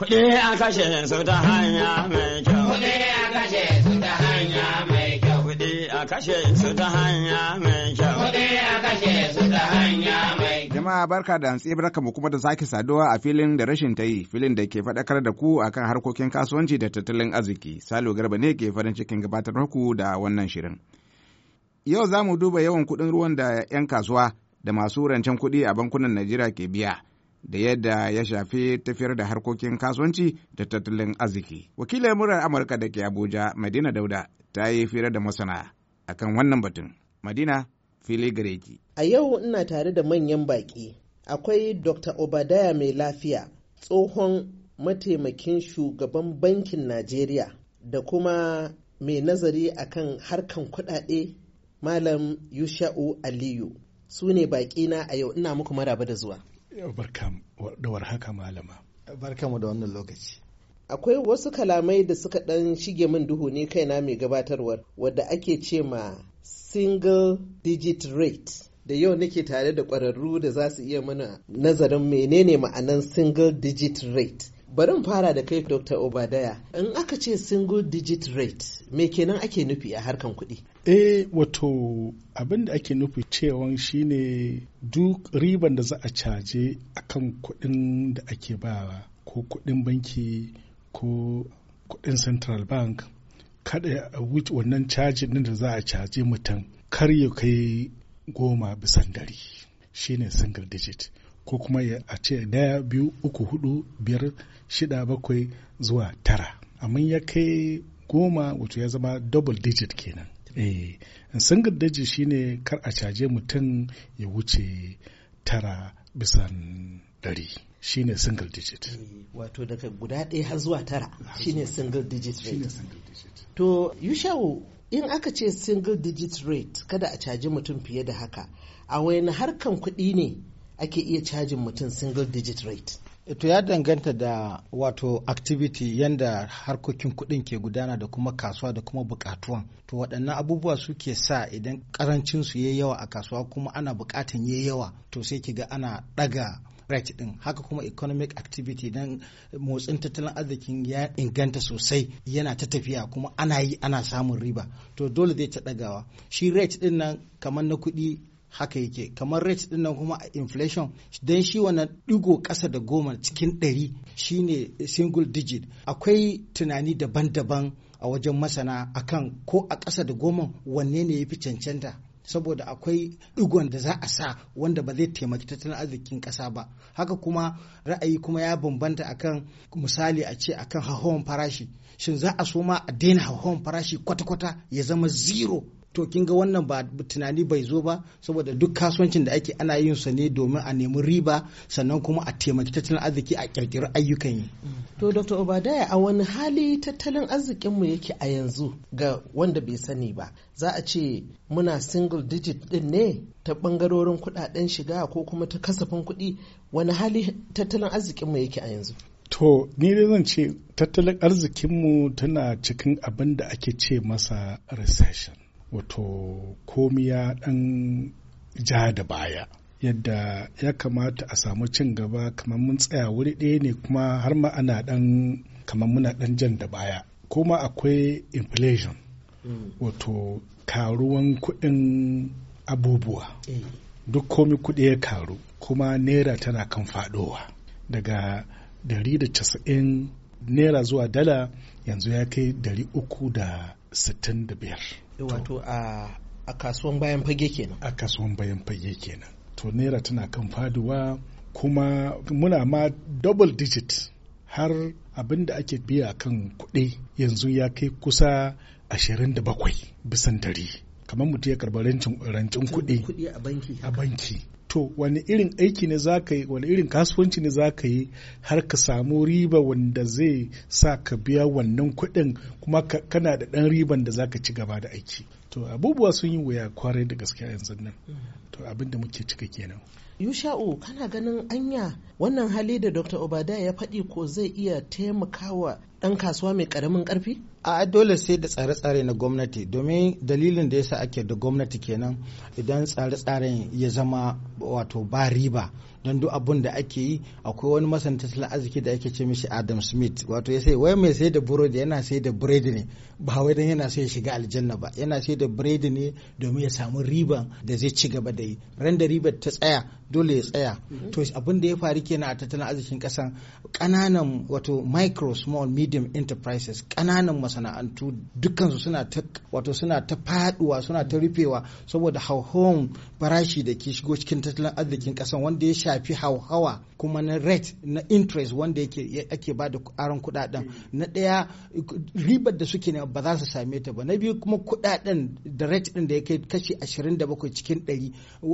Kuɗi a kashe su ta hanya mai kyau. Kuɗi a kashe su ta hanya mai kyau. Kuɗi a kashe su ta hanya mai kyau. Kuɗi a kashe su ta hanya mai kyau. Jama'a barka da hantsi barka mu kuma da sake saduwa a filin da rashin ta yi filin da ke faɗakar da ku akan harkokin kasuwanci da tattalin arziki. Salo Garba ne ke farin cikin gabatar ku da wannan shirin. Yau za mu duba yawan kuɗin ruwan da 'yan kasuwa da masu rancen kuɗi a bankunan Najeriya ke biya. da yadda ya shafi tafiyar da harkokin kasuwanci da tattalin arziki. Wakilin murar Amurka da ke Abuja, Madina Dauda, ta yi fira da masana akan wannan batun. Madina, fili gare A yau ina tare da manyan baƙi. Akwai Dr. Obadaya mai lafiya, tsohon mataimakin shugaban bankin Najeriya da kuma mai nazari akan harkan kuɗaɗe Malam Yusha'u Aliyu. Su ne baƙina a yau ina muku maraba da zuwa. barkam da haka malama barkamu da wannan lokaci akwai wasu kalamai da suka ɗan shige min duhu ne kaina mai gabatarwar wadda ake ce ma single digit rate da yau nake tare da ƙwararru da za su iya mana nazarin menene ma'anan single digit rate bari in fara da kai dr obadaya in aka ce single digit rate me kenan ake nufi a harkan kuɗi eh wato abin da ake nufi cewan shine duk riban da za a caje akan kuɗin da ake bawa ko kuɗin banki ko kuɗin central bank kada wuce wannan cajin din da za a caje mutum kar ya kai goma bisan dari shine single digit ko kuma a ce daya biyu uku hudu biyar shida bakwai zuwa tara amma ya kai goma wato ya zama double digit kenan eh, single digit shine kar a caje mutum ya wuce tara bisan dari shine single digit eh, wato daga guda ɗaya har zuwa tara shine single digit rate to yushawo in aka ce single digit rate kada a caji mutum fiye da haka a wani harkan kuɗi ne ake iya cajin mutum single digit rate eh, to ya danganta da wato activity yanda harkokin kuɗin ke gudana da kuma kasuwa da kuma bukatuwan to waɗannan abubuwa suke sa idan karancin su yayi yawa a kasuwa kuma ana bukatan yayi yawa to sai ga ana ɗaga rate din haka kuma economic activity dan motsin tattalin arzikin ya inganta sosai yana ta tafiya kuma ana yi ana samun riba to dole zai ta ɗagawa shi rate din nan kamar na kuɗi haka yake kamar rate din nan kuma a inflation dan shi wannan digo ƙasa da goma cikin ɗari shine single digit akwai tunani daban-daban a wajen masana akan ko a ƙasa da goma wanne ne ya cancanta saboda akwai digon da za a sa wanda ba zai taimaki tattalin arzikin ƙasa ba haka kuma ra'ayi kuma ya bambanta akan misali a ce akan hauhawan farashi shin za a so ma a daina hauhawan farashi kwata-kwata ya zama zero to kin ga wannan ba tunani bai zo ba saboda duk kasuwancin da ake ana yin sa ne domin a nemi riba sannan kuma a taimaki tattalin arziki a kirkiri ayyukan yi to dr obadaya a wani hali tattalin arzikin mu yake a yanzu ga wanda bai sani ba za a ce muna single digit din ne ta bangarorin kudaden shiga ko kuma ta kasafin kuɗi wani hali tattalin arzikin mu yake a yanzu To, ni dai zan ce tattalin mu tana cikin abin da ake ce masa recession. wato komi ya ɗan ja da baya yadda ya kamata a samu cin gaba kamar mun tsaya wuri ɗaya ne kuma har ma ana ɗan kamar muna ɗan jan da baya kuma akwai inflation mm. wato karuwan kuɗin abubuwa eh. duk komi kuɗi ya karu kuma naira tana kan faɗowa daga 190 naira zuwa dala yanzu ya kai 365 Eh, wato a kasuwan bayan fage kenan a kasuwan bayan fage kenan to naira tana kan faduwa kuma muna ma double digit har abin da ake biya kan kuɗi yanzu ya kai kusa 27 bisan dari kamar mutu ya karɓi rancin kuɗi a banki to wani irin aiki ne za ka yi wani irin kasuwanci ne za ka yi har ka samu riba wanda zai sa ka biya wannan kuɗin kuma kana da ɗan riban da za ka ci gaba da aiki to abubuwa sun yi wuya kwarai da gaskiya yanzu nan mm. to abin da muke cika kenan yusha'u kana ganin anya wannan hali da dr obada ya faɗi ko zai iya taimakawa ɗan kasuwa mai ƙaramin ƙarfi? a dole sai da tsare-tsare na gwamnati domin dalilin da yasa ake da gwamnati kenan idan tsare-tsaren ya zama wato ba riba don duk abun da ake yi akwai wani masan tattalin arziki da ake ce mishi adam smith wato ya sai wai mai sai da burodi yana sai da biredi ne ba wai dan yana sai ya shiga aljanna ba yana sai da biredi ne domin ya samu riba da zai ci gaba da yi ran da ribar ta tsaya dole ya tsaya mm-hmm. to abin da ya faru kenan a tattalin arzikin kasan ƙananan wato micro small medium medium enterprises ƙananan masana'antu dukansu suna ta wato suna ta faduwa suna ta rufewa saboda hauhawan farashi da ke shigo cikin tattalin arzikin ƙasan wanda ya shafi hauhawa kuma na rate na interest wanda yake ake ba da aron kudaden na daya ribar da suke ne ba za su same ta ba na biyu kuma kudaden da rate din da yake kashi 27 cikin 100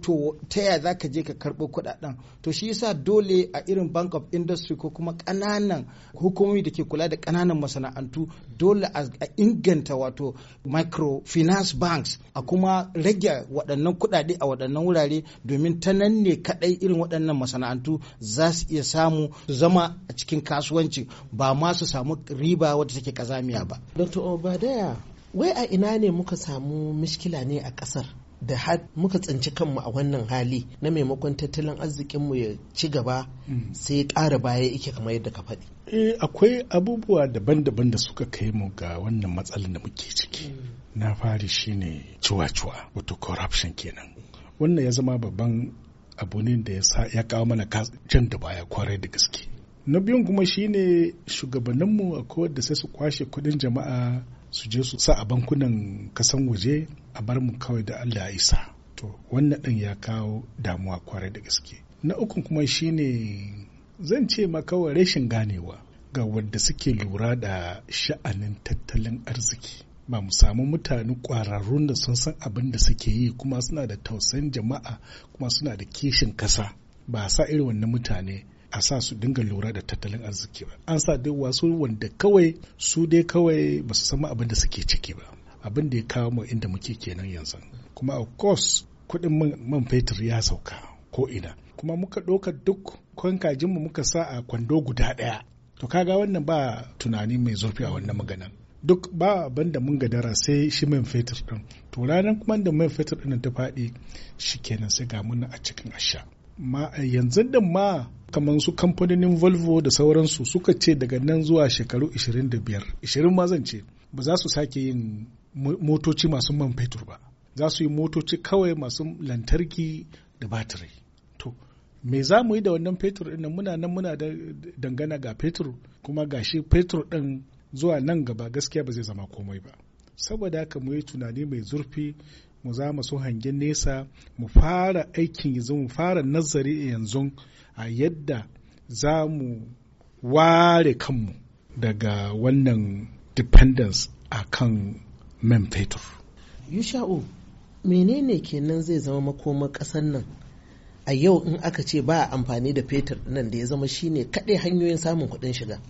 to ta yaya za ka je ka karbo kudaden to shi yasa dole a irin bank of industry ko kuma kananan hukumomi da ke kula da kananan masana'antu dole a inganta wato microfinance banks a kuma rage waɗannan kudade a waɗannan wurare domin ta nan ne kadai irin waɗannan masana'antu za su iya samu zama a cikin kasuwanci ba ma su samu riba wadda take kazamiya ba. Dr. Obadaya, wai a ina ne muka samu mishkila ne a ƙasar? da har muka tsinci kanmu a wannan hali na maimakon tattalin arzikinmu ya ci gaba mm. sai ya ƙara baya yake kamar yadda ka faɗi. Eh akwai abubuwa daban-daban da suka kai mu ga wannan matsalar da muke ciki. Mm. Na fari shine Cuwa-cuwa wato corruption kenan. Wannan ya zama babban abu ne da ya kawo mana can da baya kwarai da gaske na biyun kuma shine shugabanninmu a da sai su kwashe kudin jama'a su je su sa a bankunan kasan waje a bar mu kawai da allah ya isa to wannan ɗin ya kawo damuwa kwarai da gaske na ukun kuma shine zan ce ma rashin ganewa ga wadda suke lura da sha'anin tattalin arziki ba mu samu mutane ƙwararrun da sun san abin da suke yi kuma suna da tausayin jama'a kuma suna da kishin kasa ba a sa irin wannan mutane a sa su dinga lura da tattalin arziki ba an sa dai wasu wanda kawai su dai kawai ba su san abin da suke ciki ba abin da ya kawo mu inda muke kenan yanzu kuma of course kuɗin man fetur ya sauka ko ina kuma muka ɗauka duk kajinmu muka sa a kwando guda ɗaya to kaga wannan ba tunani mai zurfi a wannan maganan duk ba banda da mun gadara sai shi man fetur ɗin. to ranar kuma da man fetur din ta faɗi shi kenan sai ga muna a cikin asha ma yanzu da ma kamar su kamfanonin volvo da sauransu suka ce daga nan zuwa shekaru 25 20 ma zan ce ba za su sake yin motoci masu man fetur ba za su yi motoci kawai masu lantarki da batiri to me za mu yi da wannan fetur ɗin muna nan muna dangana ga fetur kuma ga shi fetur ɗin zuwa nan gaba gaskiya ba zai zama komai ba saboda haka mu yi tunani mai zurfi mu za mu so hangen nesa mu fara aikin yanzu mu fara nazari yanzu a yadda za mu ware kanmu daga wannan dependence a kan man fetur. yusha'u menene kenan zai zama makomar ƙasan nan a yau in aka ce ba amfani da fetur nan da ya zama shine kaɗai hanyoyin samun kuɗin shiga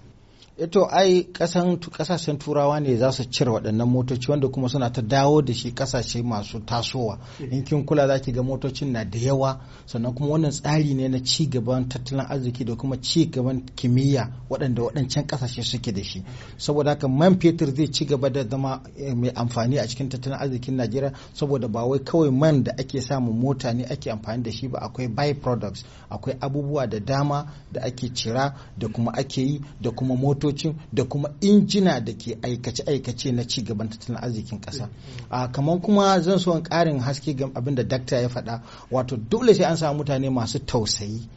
to ai kasan kasashen turawa ne za su cire waɗannan motoci wanda kuma suna ta dawo da shi kasashe masu tasowa in kin kula za ki ga motocin na da yawa sannan kuma wannan tsari ne na ci gaban tattalin arziki da kuma ci gaban kimiyya waɗanda waɗancan kasashe suke da shi saboda haka man fetur zai ci gaba da zama eh, mai amfani a cikin tattalin arzikin Najeriya saboda ba wai kawai man da ake samun mota ne ake amfani da shi ba akwai by products akwai abubuwa da dama da ake cira da kuma ake yi da kuma moto motocin da kuma injina da ke aikace-aikace na ci gaban tattalin arzikin ƙasa mm. a kamar kuma zan so karin haske ga abin da dakta ya faɗa wato dole sai an samu mutane masu tausayi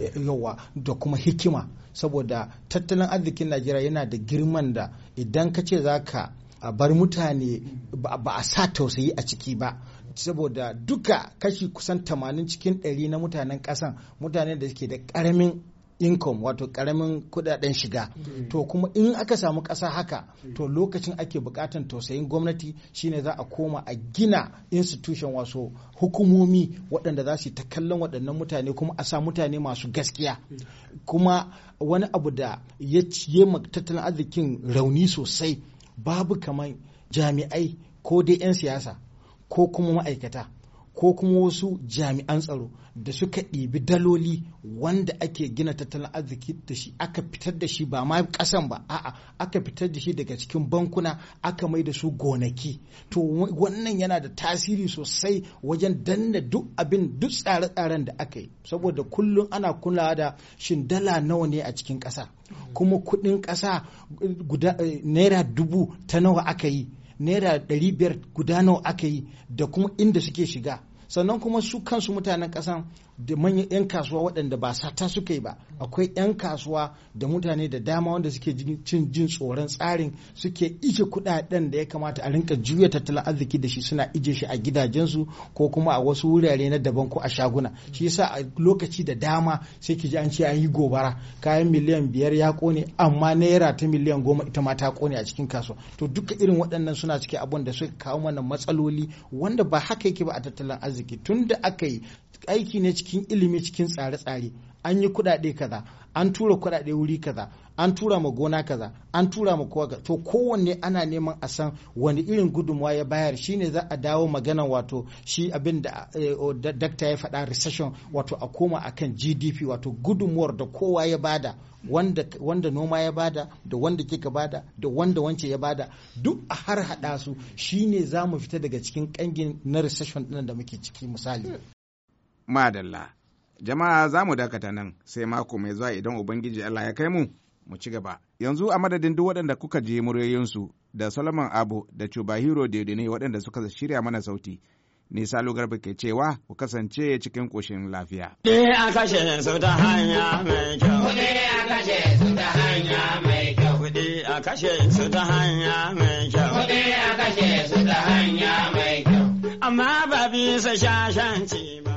eh, yawa da kuma hikima saboda tattalin arzikin najeriya yana da girman da idan ka ce za ka bar mutane ba a sa tausayi a ciki ba saboda duka kashi kusan 80 cikin 100 na mutanen ƙasan mutane da suke da ƙaramin income wato karamin kudaden shiga mm. to kuma in aka samu ƙasa haka mm. to lokacin ake bukatan tausayin gwamnati shine za a koma a gina institution wasu hukumomi waɗanda za su ta kallon waɗannan mutane kuma a sa mutane masu gaskiya mm. kuma wani abu da ya ciye tattalin arzikin rauni sosai babu kamar jami'ai ko dai 'yan siyasa ko kuma ma'aikata ko kuma wasu jami'an tsaro da suka ɗibi daloli wanda ake gina tattalin arziki da shi aka fitar da shi ba ma ƙasan ba a'a aka fitar da shi daga cikin bankuna aka mai da su gonaki to wannan yana da tasiri sosai wajen danna duk abin duk tsare-tsaren da aka yi saboda kullum ana kulawa da shin dala nawa ne a cikin ƙasa kuma kuɗin ƙasa eh, naira dubu ta nawa aka yi naira biyar guda nawa aka yi da kuma inda suke shiga sannan kuma su kansu mutanen kasan da manyan 'yan kasuwa waɗanda ba sata suka yi ba akwai 'yan kasuwa da mutane da dama wanda suke cin jin tsoron tsarin suke ije kudaden da ya kamata a rinka juya tattalin arziki da shi suna ije shi a gidajensu ko kuma a wasu wurare na daban ko a shaguna shi yasa a lokaci da dama sai ki ji an ce an yi gobara kayan miliyan biyar ya kone amma naira ta miliyan goma ita ma ta kone a cikin kasuwa to duka irin waɗannan suna cikin abun da suka kawo mana matsaloli wanda ba haka yake ba a tattalin arziki arziki tunda da aka yi aiki ne cikin ilimi cikin tsare-tsare an yi kuɗaɗe kaza an tura kuɗaɗe wuri kaza an tura ma gona kaza an tura ma kowa to kowanne ana neman a san wani irin gudunmawa ya bayar shine za a dawo magana wato shi abin eh, da dakta ya faɗa recession wato a koma akan gdp wato gudunmuwar da kowa ya bada wanda, noma ya bada da wanda kika bada da wanda wance ya bada duk a har haɗa su shine za mu fita daga cikin kangin na recession ɗin da muke ciki misali madalla Jama'a za mu dakata nan sai mako mai zuwa idan Ubangiji Allah ya kai mu mu ci gaba. Yanzu a madadin duk waɗanda kuka je muryoyinsu da Solomon Abu da da ne waɗanda suka shirya mana sauti. Ni Salo Garba ke cewa ku kasance cikin ƙoshin lafiya. a kashe su ta hanya mai kyau. a kashe su ta hanya mai kyau. a kashe su ta hanya mai kyau. a kashe su ta hanya mai kyau. Amma ba bisa shashanci ba.